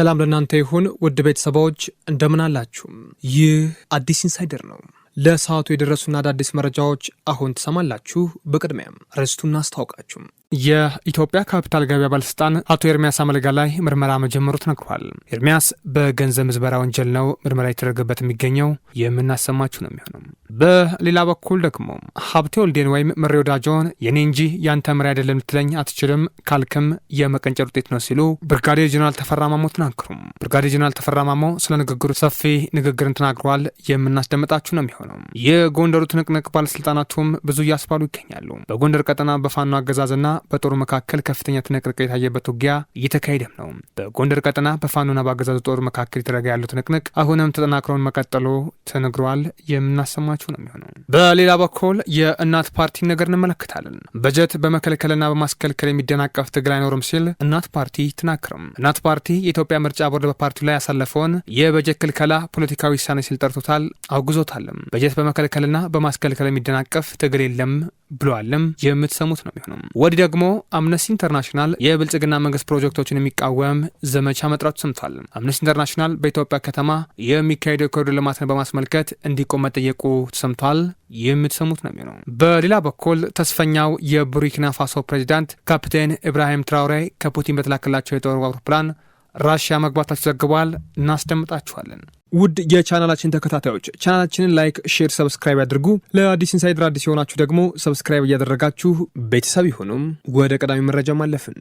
ሰላም ለእናንተ ይሁን ውድ ቤተሰቦች እንደምን አላችሁም? ይህ አዲስ ኢንሳይደር ነው። ለሰዓቱ የደረሱና አዳዲስ መረጃዎች አሁን ትሰማላችሁ። በቅድሚያም ርዕስቱን እናስታውቃችሁ። የኢትዮጵያ ካፒታል ገበያ ባለስልጣን አቶ ኤርሚያስ አመልጋ ላይ ምርመራ መጀመሩ ተነግሯል። ኤርሚያስ በገንዘብ ምዝበራ ወንጀል ነው ምርመራ የተደረገበት የሚገኘው የምናሰማችሁ ነው የሚሆነው። በሌላ በኩል ደግሞ ሀብቴ ወልዴን ወይም ምሬ ወዳጆን የኔ እንጂ ያንተ ምሬ አይደለም ልትለኝ አትችልም ካልክም የመቀንጨር ውጤት ነው ሲሉ ብርጋዴር ጀኔራል ተፈራማሞ ተናገሩም። ብርጋዴር ጀኔራል ተፈራማሞ ስለ ንግግሩ ሰፊ ንግግርን ተናግሯል። የምናስደምጣችሁ ነው የሚሆነው። የጎንደሩ ትንቅንቅ ባለስልጣናቱም ብዙ እያስባሉ ይገኛሉ። በጎንደር ቀጠና በፋኖ አገዛዝና በጦሩ መካከል ከፍተኛ ትንቅንቅ የታየበት ውጊያ እየተካሄደም ነው። በጎንደር ቀጠና በፋኖና በአገዛዙ ጦር መካከል የተደረገ ያለው ትንቅንቅ አሁንም ተጠናክረውን መቀጠሉ ተነግሯል። የምናሰማችሁ ነው የሚሆነው። በሌላ በኩል የእናት ፓርቲ ነገር እንመለከታለን። በጀት በመከልከልና በማስከልከል የሚደናቀፍ ትግል አይኖርም ሲል እናት ፓርቲ ትናክርም። እናት ፓርቲ የኢትዮጵያ ምርጫ ቦርድ በፓርቲው ላይ ያሳለፈውን የበጀት ክልከላ ፖለቲካዊ ውሳኔ ሲል ጠርቶታል፣ አውግዞታልም። በጀት በመከልከልና በማስከልከል የሚደናቀፍ ትግል የለም ብለዋልም የምትሰሙት ነው የሚሆነው። ወዲህ ደግሞ አምነስቲ ኢንተርናሽናል የብልጽግና መንግስት ፕሮጀክቶችን የሚቃወም ዘመቻ መጥራቱ ሰምቷል። አምነስቲ ኢንተርናሽናል በኢትዮጵያ ከተማ የሚካሄደው የኮሪደር ልማትን በማስመልከት እንዲቆም መጠየቁ ተሰምቷል። የምትሰሙት ነው የሚሆነው። በሌላ በኩል ተስፈኛው የቡርኪና ፋሶ ፕሬዚዳንት ካፕቴን ኢብራሂም ትራውሬ ከፑቲን በተላከላቸው የጦር አውሮፕላን ራሽያ መግባታቸው ዘግቧል። እናስደምጣችኋለን። ውድ የቻናላችን ተከታታዮች ቻናላችንን ላይክ፣ ሼር፣ ሰብስክራይብ ያድርጉ። ለአዲስ ኢንሳይደር አዲስ የሆናችሁ ደግሞ ሰብስክራይብ እያደረጋችሁ ቤተሰብ ይሁኑም። ወደ ቀዳሚ መረጃ ማለፍን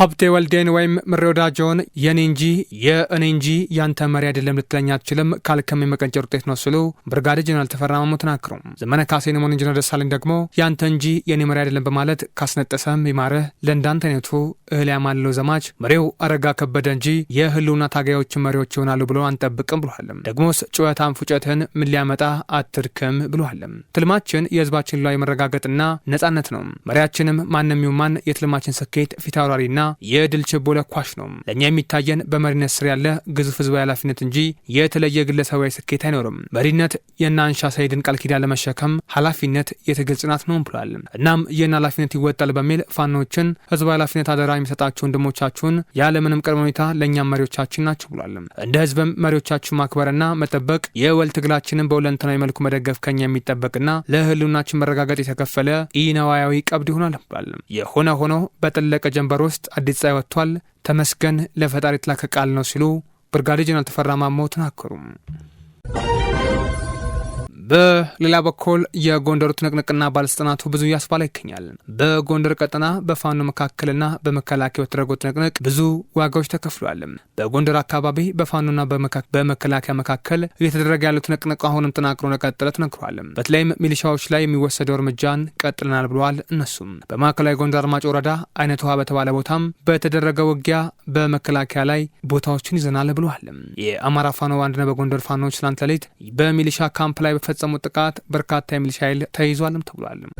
ሀብቴ ወልዴን ወይም ምሬ ወዳጆን የኔ እንጂ የእኔ እንጂ ያንተ መሪ አይደለም ልትለኝ አትችልም ካልከም የመቀንጨር ውጤት ነው ሲሉ ብርጋዴ ጀነራል ተፈራ ማሞ ተናገሩ። ዘመነ ካሴ ሆነ ኢንጂነር ደሳለኝ ደግሞ ያንተ እንጂ የኔ መሪ አይደለም በማለት ካስነጠሰም ይማርህ ለእንዳንተ አይነቱ እህል ያማለው ዘማች መሪው አረጋ ከበደ እንጂ የህልውና ታጋዮችን መሪዎች ይሆናሉ ብሎ አንጠብቅም ብሏልም። ደግሞስ ጩኸታን ፉጨትን ምን ሊያመጣ አትርክም ብሏልም። ትልማችን የህዝባችን ላይ መረጋገጥና ነጻነት ነው። መሪያችንም ማንም ይሁን ማን የትልማችን ስኬት ፊት አውራሪና የድል ችቦ ለኳሽ ነው። ለእኛ የሚታየን በመሪነት ስር ያለ ግዙፍ ህዝባዊ ኃላፊነት እንጂ የተለየ ግለሰባዊ ስኬት አይኖርም። መሪነት የናንሻ ሰይድን ቃል ኪዳን ለመሸከም ኃላፊነት የትግል ጽናት ነው ብሏል። እናም ይህን ኃላፊነት ይወጣል በሚል ፋኖችን ህዝባዊ ኃላፊነት አደራ የሚሰጣቸው ወንድሞቻችሁን ያለምንም ቅድመ ሁኔታ ለእኛም መሪዎቻችን ናቸው ብሏል። እንደ ህዝብም መሪዎቻችሁ ማክበርና መጠበቅ የወል ትግላችንን በሁለንተናዊ መልኩ መደገፍ ከኛ የሚጠበቅና ለህልውናችን መረጋገጥ የተከፈለ ኢነዋያዊ ቀብድ ይሆናል ብሏል። የሆነ ሆኖ በጠለቀ ጀንበር ውስጥ አዲስ ጸሐይ ወጥቷል፣ ተመስገን ለፈጣሪ የተላከ ቃል ነው ሲሉ ብርጋዴ ጀነራል ተፈራ ማሞ ተናገሩ። በሌላ በኩል የጎንደሩ ትንቅንቅና ባለስልጣናቱ ብዙ እያስባላ ይገኛል። በጎንደር ቀጠና በፋኖ መካከልና በመከላከያ የተደረገው ትንቅንቅ ብዙ ዋጋዎች ተከፍሏል። በጎንደር አካባቢ በፋኖና በመከላከያ መካከል እየተደረገ ያለው ትንቅንቅ አሁንም ተጠናክሮ እንደቀጠለ ተነግሯል። በተለይም ሚሊሻዎች ላይ የሚወሰደው እርምጃን ቀጥለናል ብለዋል። እነሱም በማዕከላዊ ጎንደር አርማጭ ወረዳ አይነት ውሃ በተባለ ቦታም በተደረገ ውጊያ በመከላከያ ላይ ቦታዎችን ይዘናል ብለዋል። የአማራ ፋኖ አንድነ በጎንደር ፋኖች ትናንት ሌሊት በሚሊሻ ካምፕ ላይ በፈጸሙት ጥቃት በርካታ የሚሊሻ ኃይል ተይዟልም ተብሏልም።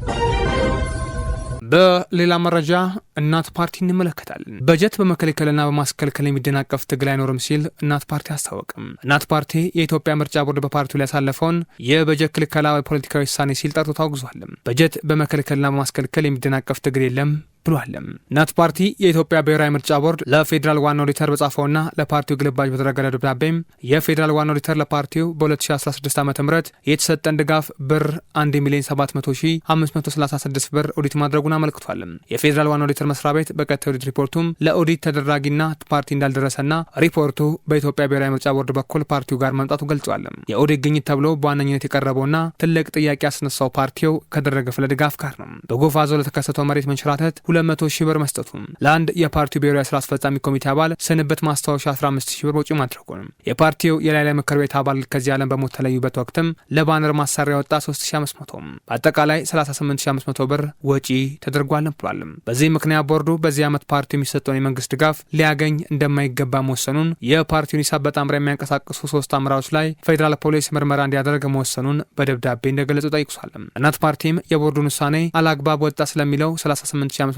በሌላ መረጃ እናት ፓርቲ እንመለከታለን። በጀት በመከልከልና በማስከልከል የሚደናቀፍ ትግል አይኖርም ሲል እናት ፓርቲ አስታወቅም። እናት ፓርቲ የኢትዮጵያ ምርጫ ቦርድ በፓርቲው ላይ ያሳለፈውን የበጀት ክልከላ ፖለቲካዊ ውሳኔ ሲል ጠርቶ ታውግዟልም። በጀት በመከልከልና በማስከልከል የሚደናቀፍ ትግል የለም ብሏል። እናት ፓርቲ የኢትዮጵያ ብሔራዊ ምርጫ ቦርድ ለፌዴራል ዋና ኦዲተር በጻፈውና ለፓርቲው ግልባጭ በተደረገለ ደብዳቤም የፌዴራል ዋና ኦዲተር ለፓርቲው በ2016 ዓ ም የተሰጠን ድጋፍ ብር 1 ሚሊዮን 7536 ብር ኦዲት ማድረጉን አመልክቷል። የፌዴራል ዋና ኦዲተር መስሪያ ቤት በቀጣይ ኦዲት ሪፖርቱም ለኦዲት ተደራጊና ፓርቲ እንዳልደረሰና ሪፖርቱ በኢትዮጵያ ብሔራዊ ምርጫ ቦርድ በኩል ፓርቲው ጋር መምጣቱ ገልጿል። የኦዲት ግኝት ተብሎ በዋነኝነት የቀረበውና ትልቅ ጥያቄ ያስነሳው ፓርቲው ከደረገ ፍለ ድጋፍ ጋር ነው። በጎፋ ዞን ለተከሰተው መሬት መንሸራተት 200 ሺህ ብር መስጠቱን፣ ለአንድ የፓርቲው ብሔራዊ ስራ አስፈጻሚ ኮሚቴ አባል ስንብት ማስታወሻ 15 ሺህ ብር ወጪ ማድረጉን፣ የፓርቲው የላይላይ ምክር ቤት አባል ከዚህ ዓለም በሞት ተለዩበት ወቅትም ለባነር ማሰሪያ ወጣ 3500፣ በአጠቃላይ 38500 ብር ወጪ ተደርጓል ብሏል። በዚህ ምክንያት ቦርዱ በዚህ ዓመት ፓርቲው የሚሰጠውን የመንግስት ድጋፍ ሊያገኝ እንደማይገባ መወሰኑን፣ የፓርቲውን ሂሳብ በጣምራ የሚያንቀሳቅሱ ሶስት አመራሮች ላይ ፌዴራል ፖሊስ ምርመራ እንዲያደርግ መወሰኑን በደብዳቤ እንደገለጹ ጠይቋል። እናት ፓርቲም የቦርዱን ውሳኔ አላግባብ ወጣ ስለሚለው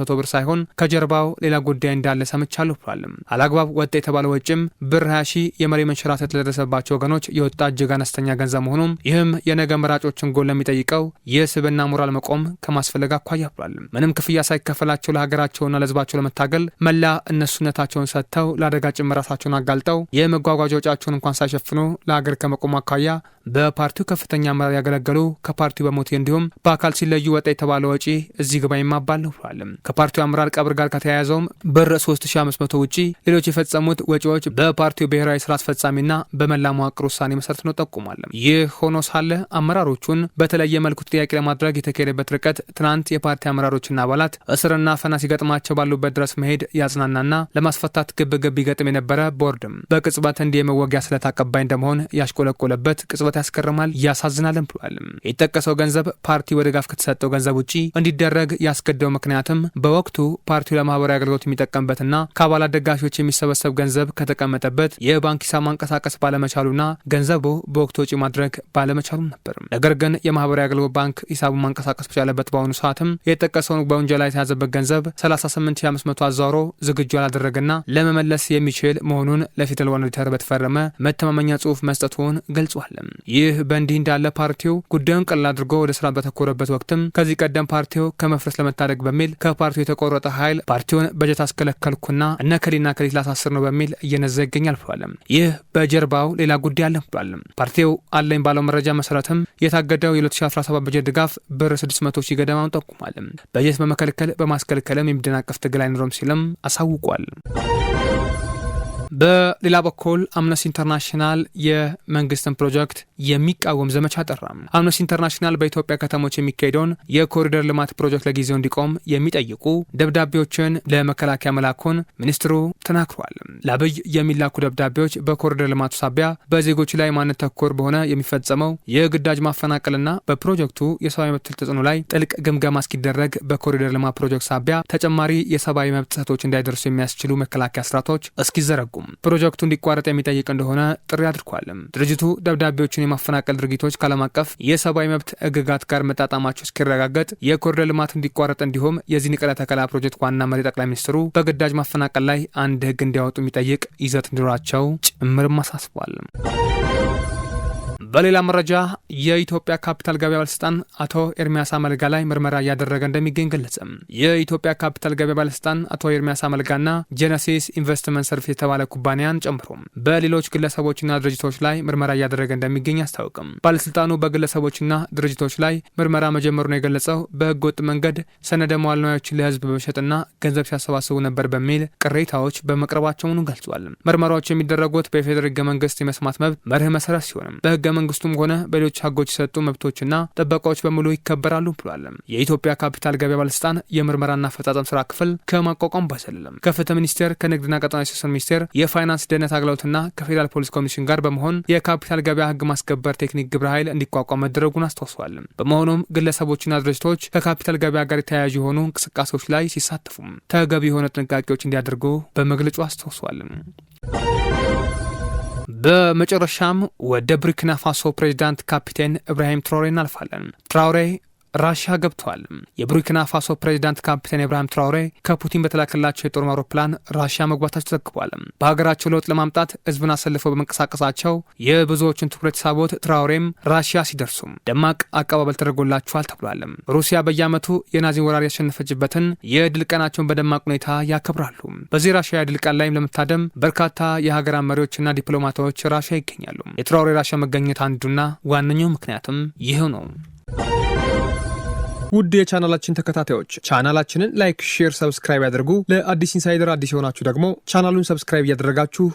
መቶ ብር ሳይሆን ከጀርባው ሌላ ጉዳይ እንዳለ ሰምቻለሁ ብሏል። አላግባብ ወጣ የተባለ ወጪም ብር 20 የመሪ መንሸራተት ለደረሰባቸው ወገኖች የወጣ እጅግ አነስተኛ ገንዘብ መሆኑም ይህም የነገ መራጮችን ጎል ለሚጠይቀው የስብና ሞራል መቆም ከማስፈለግ አኳያ ብሏል። ምንም ክፍያ ሳይከፈላቸው ለሀገራቸውና ለህዝባቸው ለመታገል መላ እነሱነታቸውን ሰጥተው ለአደጋ ጭምር ራሳቸውን አጋልጠው የመጓጓዣ ወጫቸውን እንኳን ሳይሸፍኑ ለሀገር ከመቆሙ አኳያ በፓርቲው ከፍተኛ አመራር ያገለገሉ ከፓርቲው በሞት እንዲሁም በአካል ሲለዩ ወጣ የተባለ ወጪ እዚህ ግባ ይማባል ነው ብሏል። ከፓርቲው አመራር ቀብር ጋር ከተያያዘውም ብር 3500 ውጪ ሌሎች የፈጸሙት ወጪዎች በፓርቲው ብሔራዊ ስራ አስፈጻሚና በመላ መዋቅር ውሳኔ መሰረት ነው ጠቁሟል። ይህ ሆኖ ሳለ አመራሮቹን በተለየ መልኩ ጥያቄ ለማድረግ የተካሄደበት ርቀት ትናንት የፓርቲ አመራሮችና አባላት እስርና ፈና ሲገጥማቸው ባሉበት ድረስ መሄድ ያጽናናና ለማስፈታት ግብግብ ይገጥም የነበረ ቦርድም በቅጽበት እንዲህ የመወጊያ ስለት አቀባይ እንደመሆን ያሽቆለቆለበት ቅጽበት ያስገርማል፣ ያሳዝናልም ብሏል። የጠቀሰው ገንዘብ ፓርቲ ወደ ጋፍ ከተሰጠው ገንዘብ ውጪ እንዲደረግ ያስገደው ምክንያትም በወቅቱ ፓርቲው ለማህበራዊ አገልግሎት የሚጠቀምበትና ከአባላት ደጋፊዎች የሚሰበሰብ ገንዘብ ከተቀመጠበት የባንክ ሂሳብ ማንቀሳቀስ ባለመቻሉና ገንዘቡ በወቅቱ ወጪ ማድረግ ባለመቻሉም ነበር። ነገር ግን የማህበራዊ አገልግሎት ባንክ ሂሳቡን ማንቀሳቀስ በቻለበት በአሁኑ ሰዓትም የተጠቀሰውን በውንጀላ የተያዘበት ገንዘብ 38500 አዛውሮ ዝግጁ ያላደረገና ለመመለስ የሚችል መሆኑን ለፊደል ዋን ኦዲተር በተፈረመ መተማመኛ ጽሁፍ መስጠቱን ገልጿል። ይህ በእንዲህ እንዳለ ፓርቲው ጉዳዩን ቀላል አድርጎ ወደ ስራ በተኮረበት ወቅትም ከዚህ ቀደም ፓርቲው ከመፍረስ ለመታደግ በሚል ከፓርቲው የተቆረጠ ኃይል ፓርቲውን በጀት አስከለከልኩና እነ ከሌና ከሌት ላሳስር ነው በሚል እየነዛ ይገኛል ይህ በጀርባው ሌላ ጉዳይ አለ ብሏልም። ፓርቲው አለኝ ባለው መረጃ መሰረትም የታገደው የ2017 በጀት ድጋፍ ብር 600 ሺህ ገደማውን ጠቁሟል። በጀት በመከልከል በማስከልከልም የሚደናቀፍ ትግል አይኖረም ሲልም አሳውቋል። በሌላ በኩል አምነስቲ ኢንተርናሽናል የመንግስትን ፕሮጀክት የሚቃወም ዘመቻ ጠራም። አምነስቲ ኢንተርናሽናል በኢትዮጵያ ከተሞች የሚካሄደውን የኮሪደር ልማት ፕሮጀክት ለጊዜው እንዲቆም የሚጠይቁ ደብዳቤዎችን ለመከላከያ መላኩን ሚኒስትሩ ተናግሯል። ለአብይ የሚላኩ ደብዳቤዎች በኮሪደር ልማቱ ሳቢያ በዜጎች ላይ ማንነት ተኮር በሆነ የሚፈጸመው የግዳጅ ማፈናቀልና በፕሮጀክቱ የሰብአዊ መብት ተጽዕኖ ላይ ጥልቅ ግምገማ እስኪደረግ በኮሪደር ልማት ፕሮጀክት ሳቢያ ተጨማሪ የሰብአዊ መብት ጥሰቶች እንዳይደርሱ የሚያስችሉ መከላከያ ስርዓቶች እስኪዘረጉም ፕሮጀክቱ እንዲቋረጥ የሚጠይቅ እንደሆነ ጥሪ አድርጓል። ድርጅቱ ደብዳቤዎችን የማፈናቀል ድርጊቶች ከዓለም አቀፍ የሰብአዊ መብት ህግጋት ጋር መጣጣማቸው እስኪረጋገጥ የኮሪደር ልማት እንዲቋረጥ እንዲሁም የዚህ ንቅለ ተከላ ፕሮጀክት ዋና መሪ ጠቅላይ ሚኒስትሩ በግዳጅ ማፈናቀል ላይ አንድ ህግ እንዲያወጡ የሚጠይቅ ይዘት እንዲኖራቸው ጭምርም አሳስቧል። በሌላ መረጃ የኢትዮጵያ ካፒታል ገበያ ባለስልጣን አቶ ኤርሚያስ አመልጋ ላይ ምርመራ እያደረገ እንደሚገኝ ገለጸ። የኢትዮጵያ ካፒታል ገበያ ባለስልጣን አቶ ኤርሚያስ አመልጋና ጄነሲስ ኢንቨስትመንት ሰርቪስ የተባለ ኩባንያን ጨምሮ በሌሎች ግለሰቦችና ድርጅቶች ላይ ምርመራ እያደረገ እንደሚገኝ አስታውቅም። ባለስልጣኑ በግለሰቦችና ድርጅቶች ላይ ምርመራ መጀመሩን የገለጸው በህገወጥ ወጥ መንገድ ሰነደ መዋልናዮችን ለህዝብ በመሸጥና ገንዘብ ሲያሰባስቡ ነበር በሚል ቅሬታዎች በመቅረባቸውን ገልጿል። ምርመራዎች የሚደረጉት በፌዴራል ህገ መንግስት የመስማት መብት መርህ መሰረት ሲሆንም በህገ መንግስቱም ሆነ በሌሎች ህጎች የሰጡ መብቶችና ጥበቃዎች በሙሉ ይከበራሉ ብሏል። የኢትዮጵያ ካፒታል ገበያ ባለስልጣን የምርመራና አፈጻጸም ስራ ክፍል ከማቋቋም ባሰልም ከፍትህ ሚኒስቴር፣ ከንግድና ቀጠና ትስስር ሚኒስቴር፣ የፋይናንስ ደህንነት አገልግሎትና ከፌዴራል ፖሊስ ኮሚሽን ጋር በመሆን የካፒታል ገበያ ህግ ማስከበር ቴክኒክ ግብረ ኃይል እንዲቋቋም መደረጉን አስታውሰዋል። በመሆኑም ግለሰቦችና ድርጅቶች ከካፒታል ገበያ ጋር የተያያዙ የሆኑ እንቅስቃሴዎች ላይ ሲሳተፉም ተገቢ የሆነ ጥንቃቄዎች እንዲያደርጉ በመግለጹ አስታውሰዋል። በመጨረሻም ወደ ቡርኪና ፋሶ ፕሬዚዳንት ካፒቴን ኢብራሂም ትራውሬ እናልፋለን። ትራውሬ ራሽያ ገብተዋል። የቡርኪና ፋሶ ፕሬዚዳንት ካፒቴን ኢብራሂም ትራውሬ ከፑቲን በተላከላቸው የጦር አውሮፕላን ራሽያ መግባታቸው ተዘግቧል። በሀገራቸው ለውጥ ለማምጣት ህዝብን አሰልፈው በመንቀሳቀሳቸው የብዙዎችን ትኩረት ሳቦት ትራውሬም ራሽያ ሲደርሱ ደማቅ አቀባበል ተደርጎላቸዋል ተብሏል። ሩሲያ በየአመቱ የናዚን ወራሪ ያሸነፈችበትን የድል ቀናቸውን በደማቅ ሁኔታ ያከብራሉ። በዚህ ራሽያ የድል ቀን ላይም ለመታደም በርካታ የሀገራት መሪዎችና ዲፕሎማቶች ራሽያ ይገኛሉ። የትራውሬ ራሽያ መገኘት አንዱና ዋነኛው ምክንያትም ይህ ነው። ውድ የቻናላችን ተከታታዮች ቻናላችንን ላይክ፣ ሼር፣ ሰብስክራይብ ያድርጉ። ለአዲስ ኢንሳይደር አዲስ የሆናችሁ ደግሞ ቻናሉን ሰብስክራይብ እያደረጋችሁ